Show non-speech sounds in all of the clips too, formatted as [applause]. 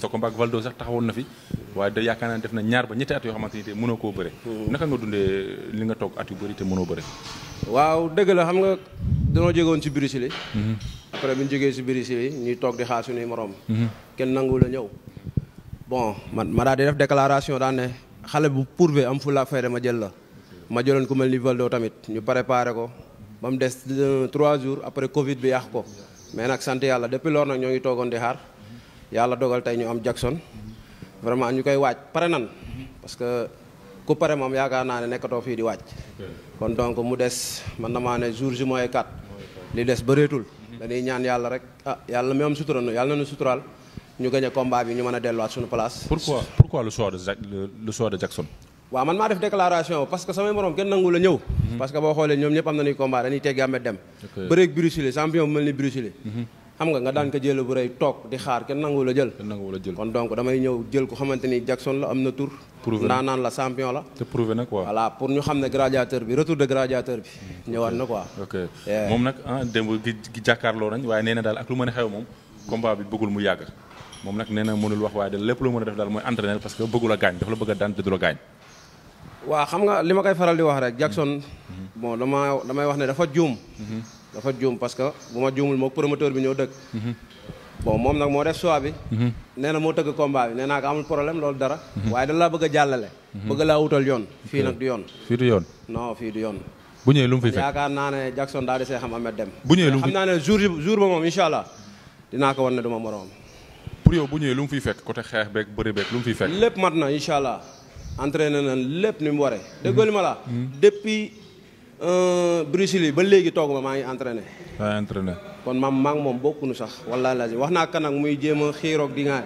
sa combat ak Valdo sax taxawoon na fi waaye da yaakaar naa def na ñaar ba ñetti at yoo xamante ni te mënoo koo bëre hmm. naka nga dundee li nga toog at yu bëri te mënoo bëre waaw dëgg la xam nga danoo jógewoon si birisili hmm. après bi ñu jógee si birisili ñuy toog di xaar suñuy morom hmm. kenn nangu la ñëw bon man ma daal di def déclaration daan ne xale bu pourve am fu la fayda ma jël la ma jëloon ku mel ni Valdo tamit ñu préparé ko ba mu des trois jours après covid bi yàq ko mais nag sant yàlla depuis loolu nag ñoo ngi toogoon di xaar yàlla dogal tey ñu am Jackson vraiment ñu koy waaj pare nan parce que ku pare moom yaakaar naa ne nekkatoo fii di waaj kon donc mu des man damaa ne jour ji mooy kat li des bëreetul dañuy ñaan yàlla rek ah yàlla mi am sutura nu yàlla na nu suturaal ñu gañe combat bi ñu mën a delluwaat suñu place. pourquoi pourquoi le choix de le choix de Jackson. waaw man maa def déclaration parce samay morom kenn nangu la ñëw. Mhm. parce boo xoolee ñoom ñëpp am nañu combat dañuy teggi amet dem. xam nga nga daan ko jël bu rëy toog di xaar kenn nangu jël. kon donc damay ñëw jël ko xamante ni Jackson la am na tur. prouvé ndaanaan la champion la. te prouvé na quoi. pour ñu xam ne gladiateur bi retour de gladiateur bi. Mm, ñëwaat na quoi. moom nag ah gi jàkkaarloo nañ waaye nee daal ak lu mën a xew moom. combat bi bëggul mu yàgg. moom nag nee mënul wax waaye dafa la bëgg daan te la gaañ. waaw xam nga li ma koy faral di wax rek Jackson bon dama damay wax ne dafa juum mhm. dafa juum parce que bu ma juumul mook promoteur bi ñoo dëkk mhm. bon moom nag moo def choix bi mhm. na moo tëgg combat bi nee naa ko amul problème loolu dara waaye da laa bëgg a jàllale bëgg laa wutal yoon fii nag di yoon fii du yoon non fii du yoon bu ñëwee lu mu fi fekk yaakaar naa ne Jackson daal di see xam Ahmed Deme bu ñëwee lu mu fi xam naa ne jour jour ko wan ma moroom pour yow bu ñëwee lu mu fiy fekk côté xeex beeg bëri beeg lu mu fiy fekk lépp mat na incha allah entraîné lépp ni mu waree Euh, Bruce Lee ba léegi toogu ma maa ngi entraîné. maa ngi kon maam maa moom moom bokkuñu sax wallaahi laaj wax naa kan muy jéem a xiiroog di nga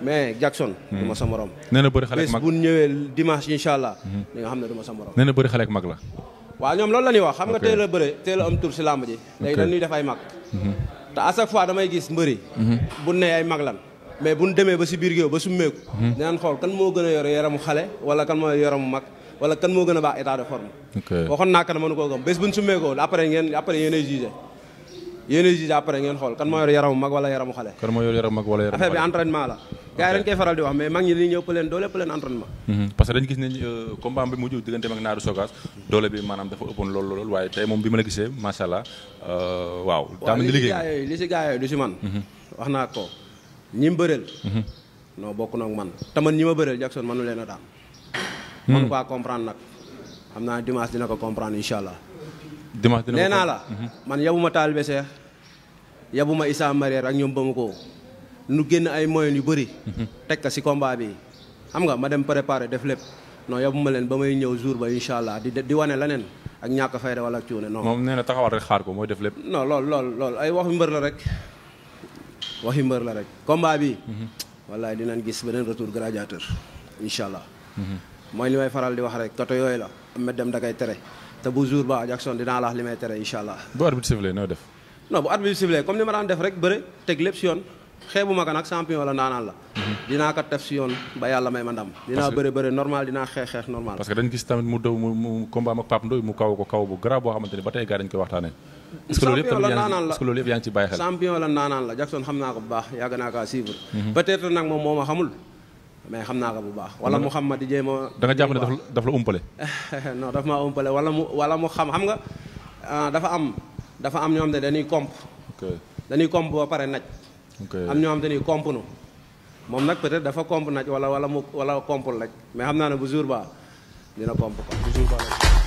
mais Jackson. Hmm. du sa morom. nee na bëri xale ak mag bu ñëwee allah. Hmm. di xam ne du sa morom. nee na bëri xale ak mag la. waa ñoom loolu la ñuy wax xam nga teel a bëre teel a am tur si làmb ji. léegi dañuy def ay mag. Hmm. te à chaque damay gis mbëri. bu ne ay mag lan. mais bu ñu demee ba si biir géew ba summeeku. dinañ xool kan moo gën a yore yaramu xale wala kan moo yore yaramu mag. wala kan moo gën a baax état de forme. waxoon naa kan mënu koo gëm bés bu ñu summee ko après ngeen après yéenay jugé après ngeen xool kan moo yor yaramu mag wala yaramu xale. kan moo yor yaramu mag wala yaramu xale affaire bi entraînement la. gars yi dañ koy faral di wax mais mag ñi dañuy ñëw plein doole plein entraînement. Mhm. parce que dañu gis ne euh, combat bi mujj digganteem ak Naaru Sogas doole bi maanaam dafa ëppoon lool lool waaye tey moom bi ma la gisee macha allah euh, waaw. Mhm. naa ko ñi mu bëreel. Mhm. bokk na man te man ñi ma bëreel Jackson mënu leen a mënu kaa hmm. comprendre nag xam naa dimanche dina ko comprendre incha allah. dimanche dina ko nee naa la. Hmm. man yabuma taalibe Seex yabuma Issa Marière ak ñoom ba mu ko nu génn ay moyens yu bëri. Hmm. teg ka si combat bi xam nga ma dem préparer def lépp non yabuma leen ba may ñëw jour ba incha allah di di wane leneen ak ñàkk a fayda wala ak cuune non. moom nee na rek xaar ko mooy def lépp. noo lool lool lool ay waxu mbër la rek waxi mbër la rek combat bi. wallaay dinañ gis beneen retour gladiateur incha allah. mooy li may faral di wax rek toto yooyu la Ahmed Deme da koy tere te bu jour ba Jackson dinaa la wax li may tere incha allah. bu arbitre sifflé noo def. non bu arbitre si yoon parce que dañ gis tamit mu daw mu mu ak Pape Ndoye mu kaw ko kaw bu garaaw boo xamante ba tey gars dañu koy waxtaanee. est la naanaan la Jackson xam naa ko baax yàgg naa kaa suivre. Mhm. peut-être nag moom moo ma xamul mais xam naa ko bu baax wala mu xam ma di jéem a da nga jàpp ne daf la umpale [laughs] non daf maa umpale wala mu wala mu xam xam nga ah, dafa am dafa am ñoo xam ne dañuy comp dañuy komp ba pare naj am ñoo xam dañuy komp nu moom nag peut dafa komp naj wala wala mu wala kompul rek mais xam naa ne bu jour ba dina komp ko bu jour ba